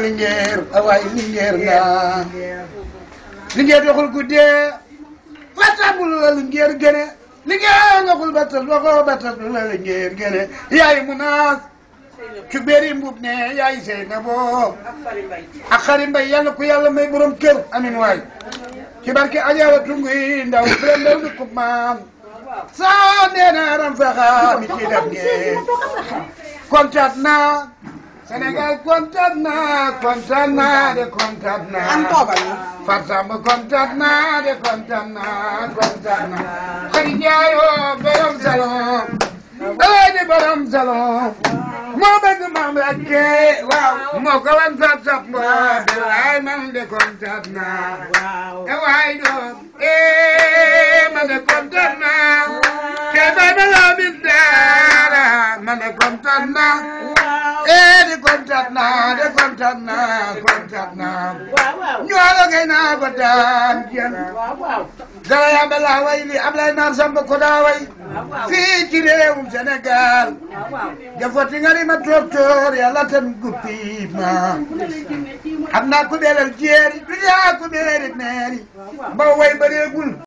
naa a awaay lingeer naa lingeer doxul guddee batabul la lingeer gëne lingeer doxul batal waxoo la lingeer gëne yaay munaas ci béri mbub ne yaay sey na boo ak xari yàlla ku yàlla may borom kër amin waay ci barke ajaara tungu yi ndaw bërëm ndaw ni kub saa nee na ram mi ci def ngeen naa Sénégal kontaan naa kontaan de kontaan naa. am toogal ñu. Farsamba kontaan de kontaan naa kontaan naa. Xëy Ndiaye oh, borom salon. dalay eh, di borom salon. moo bëgg maam rakke moo ko wan sab sab mbaa de man de kontaan naa. waaw te eh, man de kontaan naa. te laa bind daara man de kontaan kontaan naa ko daan fii ci réewum Sénégal. waaw waaw. jafoti ma docteur yàlla tan guppi ma. am naa ku beelal jeeri du ñaa ku beerit neeri. waaw waaw mbaa way